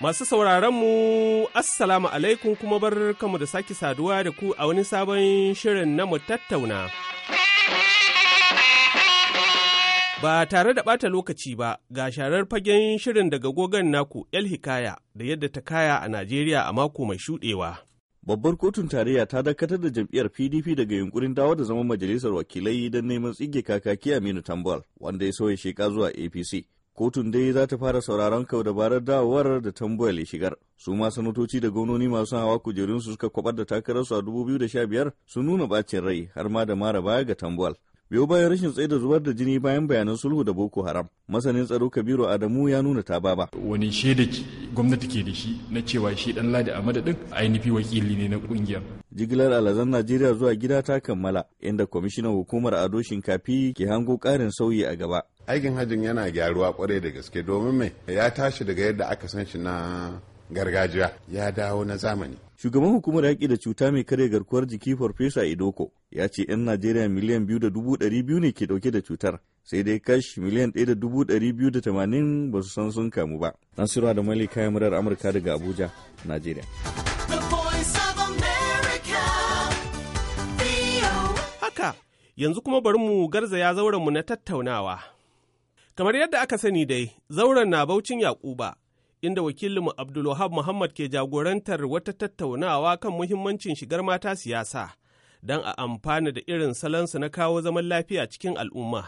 Masu sauraronmu, Assalamu alaikum kuma bar kamu da sake saduwa da ku a wani sabon shirin na mu tattauna. Ba tare da ɓata lokaci ba, ga sharar fagen shirin daga gogon naku El Hikaya da yadda ta kaya a Najeriya a mako mai shuɗewa. Babbar kotun tarayya ta dakatar da jam'iyyar PDP daga yunkurin dawo da zaman majalisar wakilai don neman tsige kakaki Aminu Tambal wanda ya sauya sheka zuwa APC. Kotun dai za ta fara sauraron kau dabarar dawowar da tambayar ya shigar. Su ma sanatoci da gwamnoni masu hawa kujerunsu suka kwabar da takararsu a 2015 sun nuna bacin rai har ma da mara baya ga tambayar biyo bayan rashin da zubar da jini bayan bayanan sulhu da boko haram masanin tsaro kabiru adamu ya nuna ta baba wani shaida gwamnati ke da shi na cewa shi dan ladi a madadin ainihi wakili ne na kungiyar jigilar alazan najeriya zuwa gida ta kammala inda kwamishinan hukumar ado shinkafi ke hango karin sauyi a gaba aikin hajjin yana gyaruwa kwarai da gaske domin mai ya tashi daga yadda aka san shi na gargajiya ya dawo na zamani. Shugaban hukumar yaƙi da cuta mai karya garkuwar jiki Farfesa Idoko ya ce 'yan Najeriya miliyan biyu da dubu ɗari biyu ne ke ɗauke da cutar, sai dai kashi miliyan ɗaya da dubu ɗari biyu da tamanin ba su san sun kamu ba. Nasiru da Mali kayan murar Amurka daga Abuja, Najeriya. Haka, yanzu kuma bari mu garza ya zauren mu na tattaunawa. Kamar yadda aka sani dai, zauren na Baucin Yakuba inda wakilinmu Abdulwahab Muhammad ke jagorantar wata tattaunawa kan muhimmancin shigar mata siyasa don a amfana da irin salansu na kawo zaman lafiya cikin al'umma.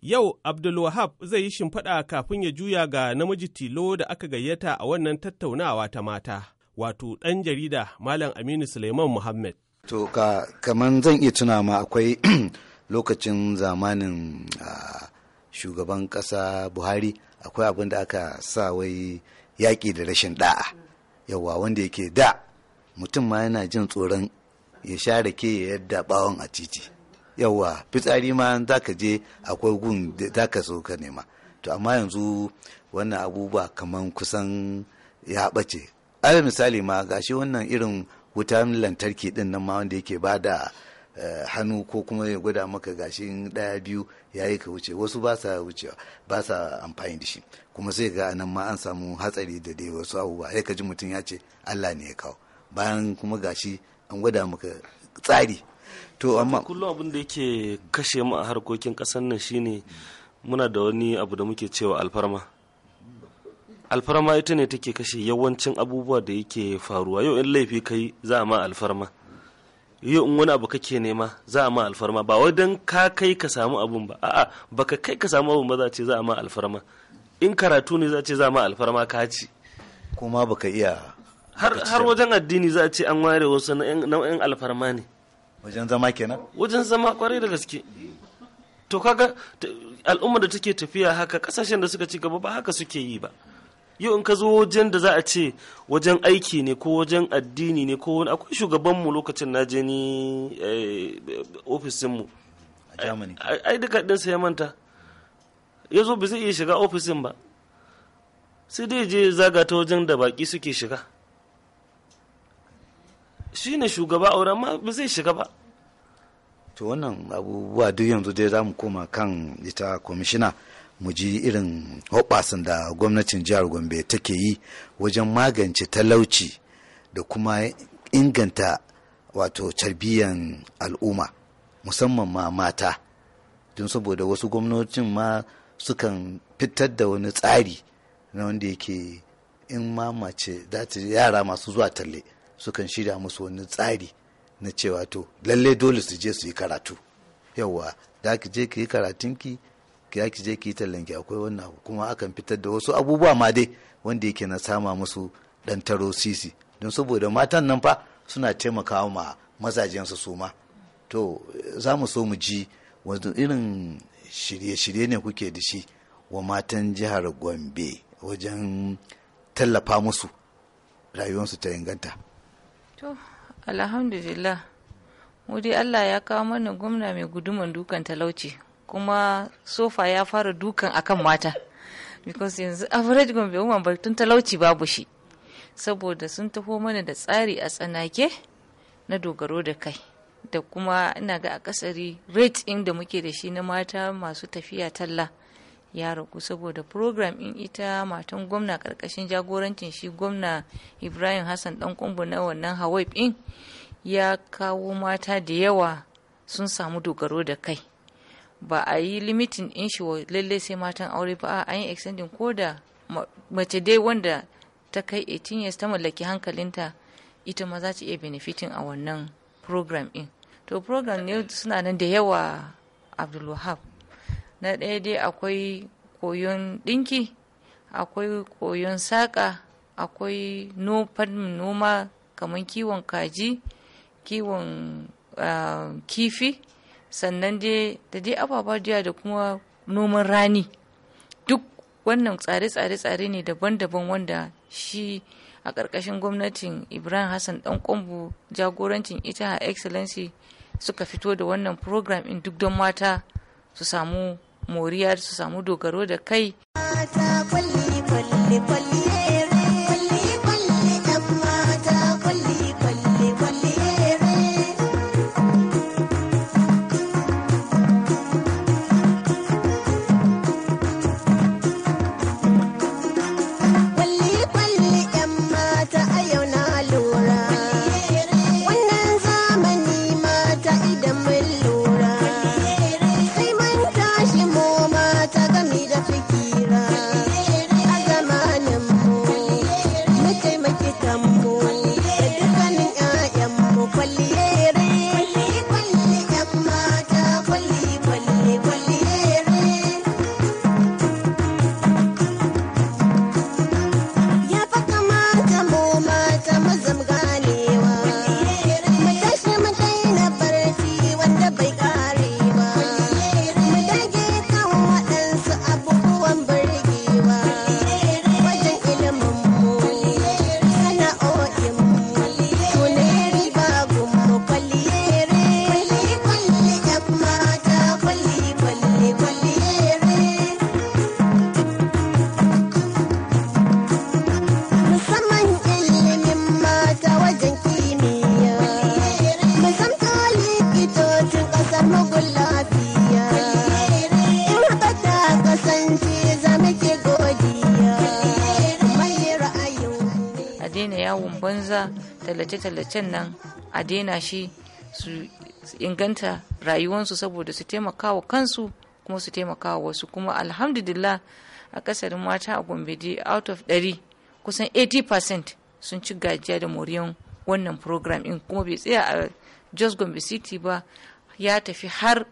Yau Abdulwahab zai yi shimfiɗa kafin ya juya ga namiji tilo da aka gayyata a wannan tattaunawa ta mata, wato ɗan jarida Malam Aminu Suleiman Muhammad. To ka kamar zan iya tuna ma akwai lokacin zamanin ah, shugaban ƙasa Buhari. akwai abin da aka sa wai yaƙi da rashin da'a yawa wanda yake da mutum ma yana jin tsoron ya share rake ya yadda bawon a titi yawa fitsari ma za ka je akwai gun za ka so ka nema to amma yanzu wannan abubuwa kamar kusan ya ɓace alal misali ma gashi wannan irin wutan lantarki din nan ma wanda yake ba da Eh, hannu ko kuma ya gwada maka gashi ɗaya biyu ya yi ka wuce wasu ba sa wucewa ba sa amfani da shi kuma sai ga nan ma an samu hatsari da dai wasu abubuwa ya ka ji mutum ya ce Allah ne ya kawo bayan kuma gashi an gwada maka tsari to amma kullum abin da yake kashe mu a harkokin ƙasar nan shine muna da wani abu da muke cewa alfarma alfarma ita ne take kashe yawancin abubuwa da yake faruwa yau in laifi kai za ma alfarma yi in wani abu kake nema za a ma alfarma ba wai dan ka kai ka samu abun ba a'a baka kai ka samu abun ba za ce za a ma alfarma in karatu ne za ce za a ma alfarma ka ci kuma baka iya har wajen addini za a ce an ware wasu nau'in alfarma ne wajen zama kenan wajen zama kwarai da gaske to kaga al'umma da take tafiya haka kasashen da suka ci gaba ba haka suke yi ba yau in ka zo wajen da za a ce wajen aiki ne ko wajen addini ne ko wani akwai shugabanmu lokacin na je ni eh, ofisinmu ai duka ɗinsa ya manta ya zo ba zai iya shiga ofisin ba sai dai je zaga ta wajen da baki suke shiga shi ne shugaba wurin ma ba zai shiga ba to wannan abubuwa duk yanzu dai za mu koma kan ita kwamishina mu ji irin hoɓasan da gwamnatin jihar gombe take yi wajen magance talauci da kuma inganta wato tarbiyyan al'umma musamman ma mata don saboda wasu gwamnatin ma sukan fitar da wani tsari na wanda yake in ma mace yara masu zuwa talle sukan shirya musu wani tsari na cewa to lalle dole su je su yi karatu yauwa da ka je ka yi karatunki ya ki je ki yi tallanki akwai wannan abu kuma akan fitar da wasu abubuwa ma dai wanda yake na sama musu dan taro sisi don saboda matan nan fa suna taimakawa ma mazajen su ma to za mu so mu ji wasu irin shirye-shirye ne kuke da shi wa matan jihar gombe wajen tallafa musu rayuwarsu ta inganta to alhamdulillah mu dai allah ya kawo mana gwamna mai guduman dukan talauci kuma sofa ya fara dukan akan mata because yanzu average gombe woman batun talauci babu shi saboda sun taho mana da tsari a tsanake na dogaro da kai da kuma ina ga akasari rate in da muke da shi na mata masu tafiya talla ya ragu saboda program in ita matan gwamna karkashin jagorancin shi gwamna ibrahim hassan dan kumbu na wannan hawaii in ya kawo mata da yawa sun samu dogaro da kai ba a yi limitin in shi wa lallai sai matan aure ba a yi extending ko da mace dai wanda ta kai 18 years ta mallaki hankalinta ita ma za ta iya benefitin a wannan program din to program ne suna nan da yawa abdulwahab na ɗaya dai akwai koyon ɗinki akwai koyon saƙa akwai noma kamar kiwon kaji kiwon ah, kifi sannan dai da dai jiya da kuma noman rani duk wannan tsare-tsare-tsare ne daban-daban wanda shi a ƙarƙashin gwamnatin ibrahim hassan ɗan kwambu jagorancin ita a excellency suka fito da wannan program in duk don mata su samu moriya su samu dogaro da kai tallace-tallacen nan a daina shi su inganta rayuwarsu saboda su taimaka wa kansu kuma su taimaka wa wasu kuma alhamdulillah a kasarin mata a gombe dai out of 100 kusan 80% sun ci gajiya da moriyan wannan program in kuma bai tsaya a jos gombe city ba ya tafi har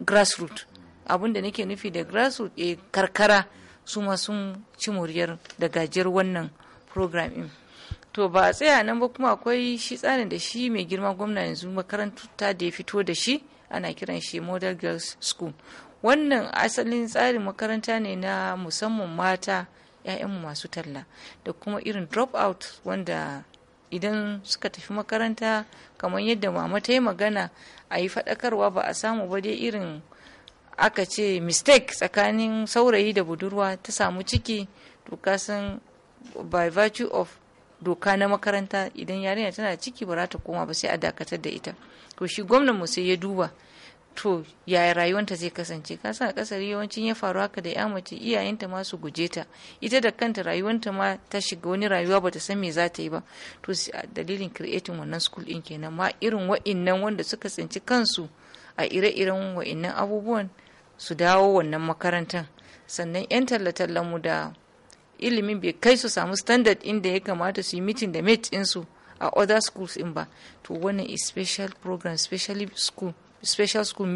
grassroot abin da nake nufi da grassroot e karkara su ma sun ci moriyar da gajiyar wannan program in to ba a tsaya nan ba kuma akwai shi tsarin da shi mai girma gwamna yanzu makarantuta da ya fito da shi ana kiran shi model girls school wannan asalin tsarin makaranta ne na musamman mata 'ya'yanmu masu talla da kuma irin drop out wanda idan suka tafi makaranta kamar yadda mama ta yi magana a yi fadakarwa ba a samu ba dai irin aka ce mistake tsakanin saurayi da budurwa ta samu ciki to kasan by virtue of doka na makaranta idan yarinya tana ciki ba za ta koma ba sai a dakatar da ita to shi gwamnan mu sai ya duba to yaya rayuwanta zai kasance ka san kasar yawancin ya faru haka da ya mace iyayenta ma su guje ta ita da kanta rayuwanta ma ta shiga wani rayuwa bata san me za ta yi ba to dalilin creating wannan school din kenan ma irin wa'innan wanda suka tsinci kansu a ire-iren wa'innan abubuwan su dawo wannan makarantar sannan 'yan tallatallen mu da ilimin bai kai su samu standard inda ya kamata su yi meeting da mate ɗinsu a other schools in ba to wannan special program specially school special school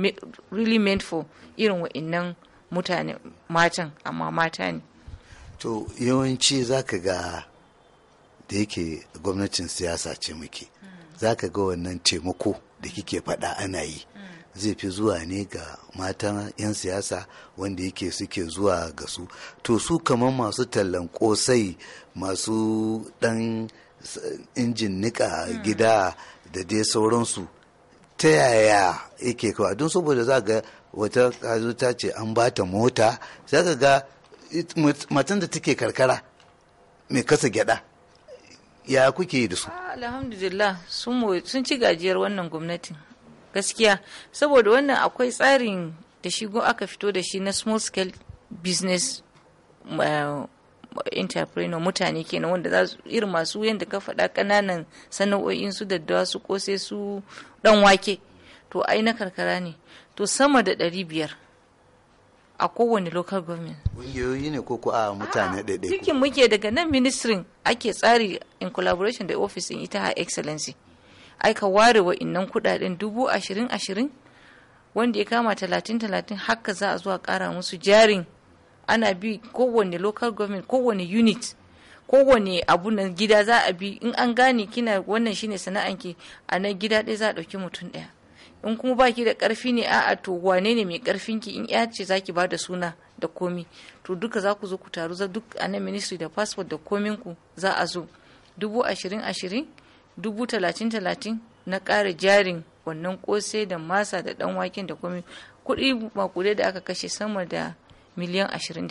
really meant for irin wa'innan mutane matan amma mata ne to yawanci zaka ga da yake gwamnatin siyasa ce muke zaka ga wannan taimako da kike faɗa ana yi zai fi zuwa ne ga matan 'yan siyasa wanda yake suke zuwa ga su to su kamar masu tallan kosai masu dan injin nika hmm. gida da dai sauransu ta yaya yake kawai? don saboda za ga wata kazo ta ce an ba ta mota za ka ga matan da take karkara mai kasa gyada ya kuke da su ah, alhamdulillah sun ci gajiyar wannan gwamnatin gaskiya saboda wannan akwai tsarin da shi aka fito da shi na small scale business eh, entrepreneur mutane kenan wanda za su irin masu yadda ka faɗa ƙananan sana'o'in su daddawa su kose su ɗan wake to ai na karkara ne to sama da ɗari biyar a kowane local government ƙungiyoyi ne ko ku a mutane ɗaiɗaiku cikin muke daga nan ministrin ake tsari in collaboration da office in ita her excellency aika ware innan kudaden dubu ashirin ashirin wanda ya kama talatin talatin haka za a zuwa kara musu jarin ana bi kowane local government kowane unit kowane abu na gida za a bi in an gane kina wannan shine ki a nan gida ɗaya za a ɗauki mutum ɗaya in kuma baki da ƙarfi ne a'a to wane ne mai karfin ki in ya ce zaki ba da suna da komi to duka za ku zo ku taru za duk a nan ministry da passport da komin ku za a zo dubu ashirin ashirin dubu talatin na ƙara jarin wannan kosai da masa da ɗan waken da kuma kuɗi makudai da aka kashe sama da miliyan ashirin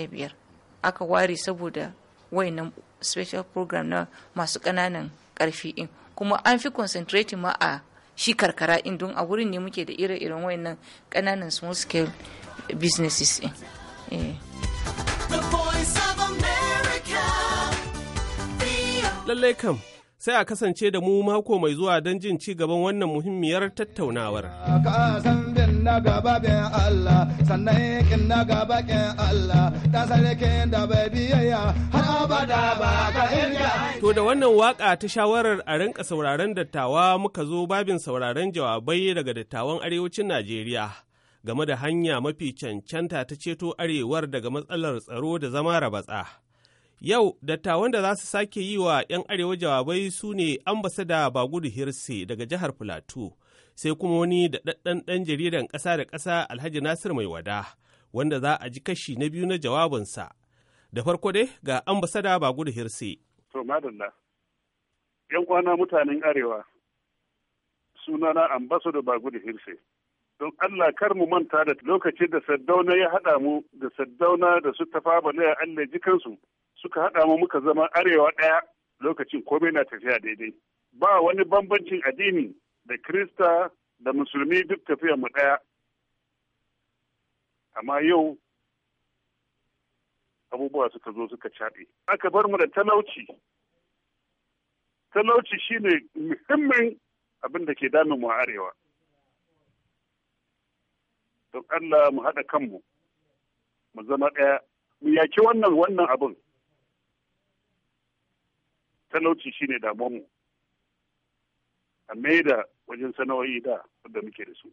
aka ware saboda wayannan special program na masu ƙananan ƙarfi in kuma an fi concentrating ma a shi karkara in don a wurin ne muke da ire-iren wayannan ƙananan small scale businesses in eh. Lallai kam sai a kasance da mu mako mai zuwa don jin ci gaban wannan muhimmiyar tattaunawar. To da wannan waka ta shawarar a rinka sauraron dattawa muka zo babin sauraron jawabai daga dattawan arewacin Najeriya game da hanya mafi cancanta ta ceto arewar daga matsalar tsaro da zama rabatsa. Yau, dattawan da za su sake yi wa 'yan arewa jawabai su ne ambasada Bagudu Hirse daga jihar Filato, sai kuma wani daɗaɗɗen ɗan jaridan ƙasa da ƙasa Alhaji Nasir Mai Wada, wanda za a ji kashi na biyu na jawabinsa. Da farko dai ga ambasada Bagudu Hirse. To, madalla, 'yan kwana mutanen arewa, sunana ambasada Bagudu Hirse. don Allah kar mu manta da lokacin da Saddauna ya haɗa mu da Saddauna da su tafa balaya Allah ji kansu suka haɗa mu muka zama arewa ɗaya lokacin komai na tafiya daidai ba wani bambancin addini da kirista da musulmi duk tafiyar mu ɗaya amma yau abubuwa suka zo suka caɓe aka bar mu da talauci talauci shine muhimmin abin da ke damin mu a arewa don allah mu haɗa kanmu mu zama ɗaya mu yaki wannan wannan abin talauci shine damuwa mu a maida wajen sana'o'i da wanda muke da su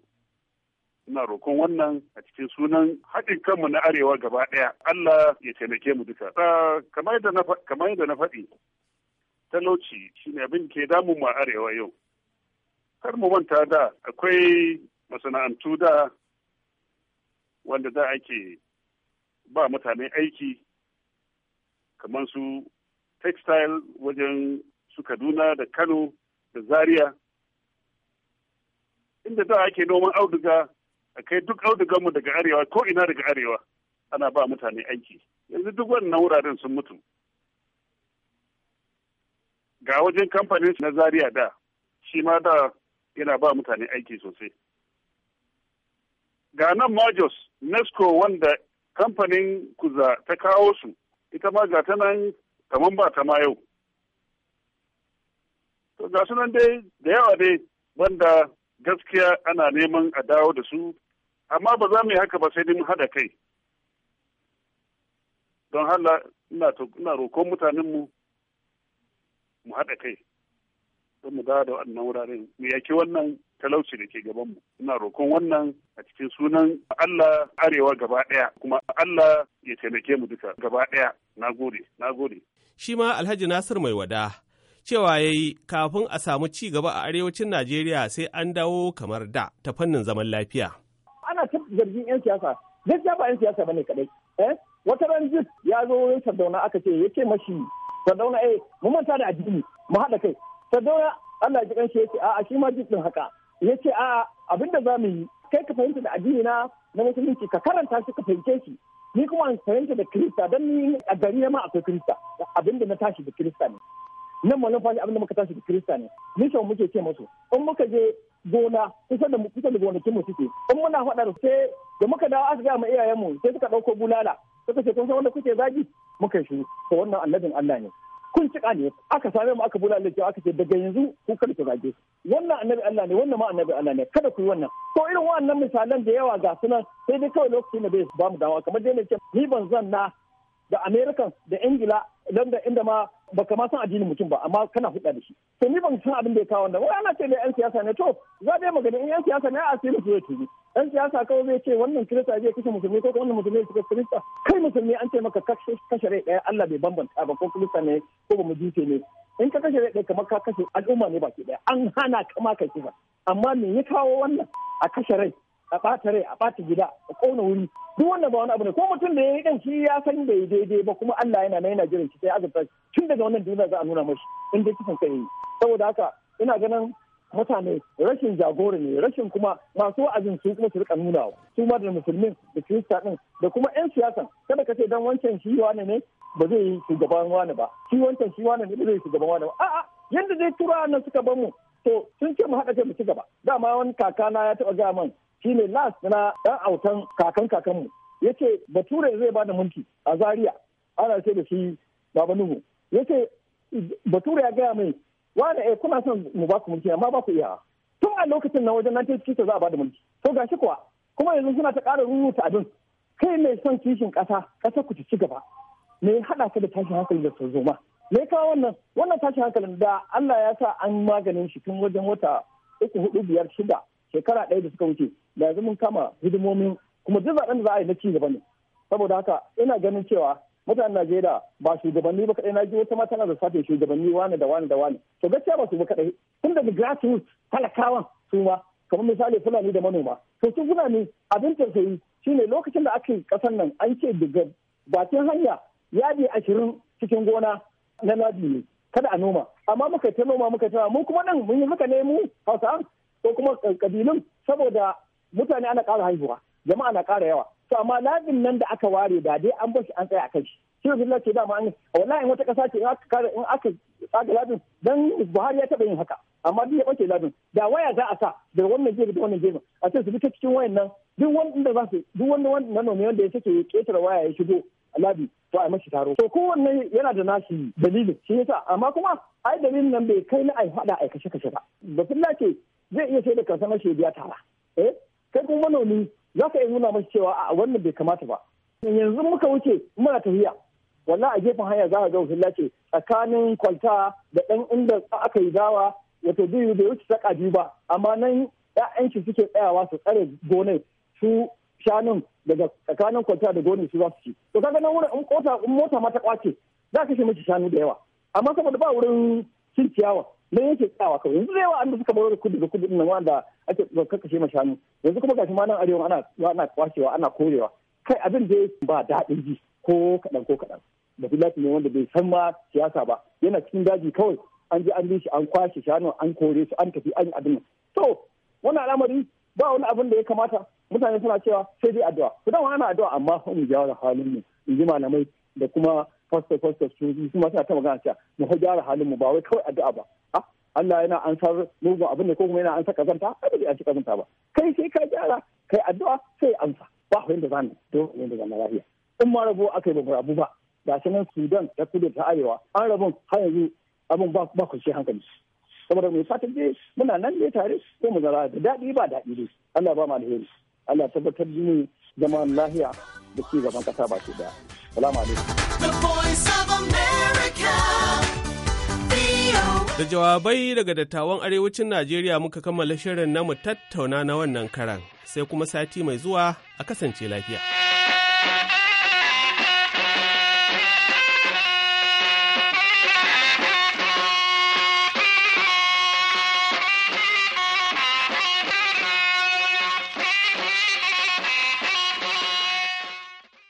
ina rokon wannan a cikin sunan haɗin kanmu na arewa gaba ɗaya Allah ya taimake mu duka ah, kamar yadda na faɗi talauci shi ne abin ke damun mu arewa yau kar mu manta da akwai masana'antu da wanda da ake ba mutane aiki kamar su textile wajen su kaduna da kano da zaria inda da ake noman auduga a kai duk audugarmu daga arewa ko ina daga arewa ana ba mutane aiki yanzu duk wannan wuraren sun mutu ga wajen kamfanin na zaria da shi ma da yana ba mutane aiki sosai ga nan majos nesco wanda kamfanin kuza ta kawo su ita ma ga ta nan kamar ba ta ma yau to ga sunan dai da yawa dai banda gaskiya ana neman a dawo da su amma ba za mu yi haka ba sai dai mun haɗa kai don hala ina roƙon mutanenmu mu haɗa kai don mu dawo da waɗannan wuraren mu yaki wannan talauci da ke gabanmu ina roƙon wannan a cikin sunan Allah arewa gaba ɗaya kuma Allah ya taimake mu duka gaba ɗaya na gode na gode shi ma Alhaji Nasir mai wada cewa ya yi kafin a samu ci gaba a arewacin Najeriya sai an dawo kamar da ta fannin zaman lafiya. Ana ta zargin 'yan siyasa, gaskiya ba 'yan siyasa bane kadai. Eh? Wata ran jis ya zo wurin Sardauna aka ce ya ce mashi Sardauna eh mu manta da addini mu haɗa kai. Sardauna Allah ya ji kanshi ya ce a'a shi ma jis din haka. Ya ce a'a abinda za mu yi kai ka fahimta da addini na na musulunci ka karanta shi ka fahimce shi ni kuma an fahimta da kirista don ni a gari ma akwai kirista abin da na tashi da kirista ne nan malam abin abinda muka tashi da kirista ne ni shawar muke ce masu in muka je gona kusa da kusa da gonakin mu suke in muna faɗa da sai da muka dawo aka gaya ma iyayen mu sai suka ɗauko bulala suka ce kun san wanda kuke zagi muka shiru to wannan annabin Allah ne kun ci ne aka same mu aka bula Allah aka ce daga yanzu ku kada ku zage wannan annabi Allah ne wannan ma annabi Allah ne kada ku yi wannan ko irin wannan misalan da yawa ga sunan sai dai kawai lokacin da bai ba mu dama kamar dai ne ni ban zan na da American da Ingila London inda ma baka ma san addinin mutum ba amma kana huɗa da shi to ni ban san abin da ya kawo wannan wai ana ce ne yan siyasa ne to za dai magana in yan siyasa ne a asiri su ya tuzu yan siyasa kawai zai ce wannan kirista zai kashe musulmi ko wannan musulmi zai kashe kirista kai musulmi an ce maka kashe rai daya Allah bai bambanta ba ko kirista ne ko ba mu ne in ka kashe rai daya kamar ka kashe al'umma ne baki daya an hana kama ka kifa amma me ya kawo wannan a kashe rai a ɓata rai a ɓata gida a ƙona wuri duk wannan ba wani abu ne ko mutum da ya yi ɗan shi ya san da yi daidai ba kuma Allah yana na yana jiran shi sai azurta tun daga wannan duniya za a nuna mashi in dai kisan kai yi saboda haka ina ganin mutane rashin jagora ne rashin kuma masu wa'azin su kuma su rika nuna su ma da musulmin da kirista din da kuma 'yan siyasa kada ka ce dan wancan shi wane ne ba zai yi shugaban wani ba shi wancan shi wani ne ba zai yi shugaban wani ba a'a yadda dai turawa nan suka bamu to sun ce mu haɗa kai mu ci gaba dama wani kakana ya taɓa gaya man shine last na ɗan autan kakan kakanmu yace bature zai ba da mulki a zaria ana ce da shi baba nuhu ce bature ya gaya mai wani eh kuna son mu ba ku mulki amma ba ku iya tun a lokacin na wajen 1960 za a ba da mulki to gashi kuwa kuma yanzu suna ta ƙara rubuta abin kai mai son kishin ƙasa ƙasa ku ci gaba me haɗa ka da tashin hankali da zoma me kawo wannan wannan tashin hankalin da Allah ya sa an maganin shi tun wajen wata uku hudu biyar shida shekara ɗaya da suka wuce da yanzu mun kama hidimomin kuma duk zaɓen da za a yi na ci gaba ne saboda haka ina ganin cewa mutanen Najeriya ba shugabanni ba kaɗai na ji wata mata na da safe shugabanni wani da wani da wani to gaskiya ba su ba kadai tun daga grassroots talakawan su ma kamar misali fulani da manoma to su fulani abin yi shine lokacin da aka yi kasan nan an ce daga bakin hanya yadi ashirin cikin gona na nadi ne kada a noma amma muka ta noma muka ta mu kuma nan mun yi haka ne mu hausa ko kuma kabilun saboda mutane ana kara haihuwa jama'a na kara yawa to amma labin nan da aka ware da dai an bashi an tsaya a kai shi ne ce a a wallahi wata ƙasa ce in aka tsaga ladin dan Buhari ya taɓa yin haka amma duk ya ɓace ladin da waya za a sa daga wannan gefe da wannan gefe a ce su bi ta cikin wayan nan duk wanda za su duk wanda manomi wanda ya sake ya ƙetare waya ya shigo labi to a mashi taro to kowanne yana da nashi dalilin shi yasa amma kuma ai dalilin nan bai kai na ai faɗa ai kashe kashe ba ba ce zai iya sai da kansa na shi tara eh kai kuma manomi za ka iya nuna masa cewa a wannan bai kamata ba yanzu muka wuce muna tafiya wannan a gefen hanya za ka ga wasu tsakanin kwalta da ɗan inda aka yi dawa wato biyu bai wuce saka biyu ba amma nan ya'yan shi suke tsayawa su tsare gonai su shanun daga tsakanin kwalta da gonar su za su ci to kaga nan wurin mota ma ta kwace za ka shi miki shanu da yawa amma saboda ba wurin cin ciyawa me yake tsawa kawai yanzu zai wa an da suka bayar da kudu da kudu nan wanda ake kakkashe ma shanu yanzu kuma gashi ma nan arewa ana ana kwashewa ana korewa kai abin da ba daɗin ji ko kaɗan ko kaɗan da filati ne wanda bai san ma siyasa ba yana cikin daji kawai an je an bi shi an kwashe shanu an kore su an tafi an abin to wannan al'amari ba wani abin da ya kamata mutane suna cewa sai dai addu'a ku dan ana addu'a amma mu gyara halin mu in ji malamai da kuma fasta fasta su su ma suna ta magana cewa mu fa gyara halin mu ba wai kawai addu'a ba a ah, Allah yana ansar mugun abin da ko kuma yana ansa kazanta a ba an ci kazanta ba kai sai ka gyara kai addu'a sai amsa ba da zan to da zan lafiya in ma rabo akai ba rabu ba ga shi nan Sudan ta kudu ta arewa an rabu har yanzu abin ba ba ku hankali saboda mai fatan dai muna nan ne tare ko mu zara da daɗi ba daɗi dai Allah ba mu alheri Allah tabbatar da mu zaman lafiya da ci gaban kasa ba shi daya Salamu alaikum. Da jawabai daga dattawan arewacin Najeriya muka kammala shirin namu tattauna na wannan karan sai kuma sati mai zuwa a kasance lafiya.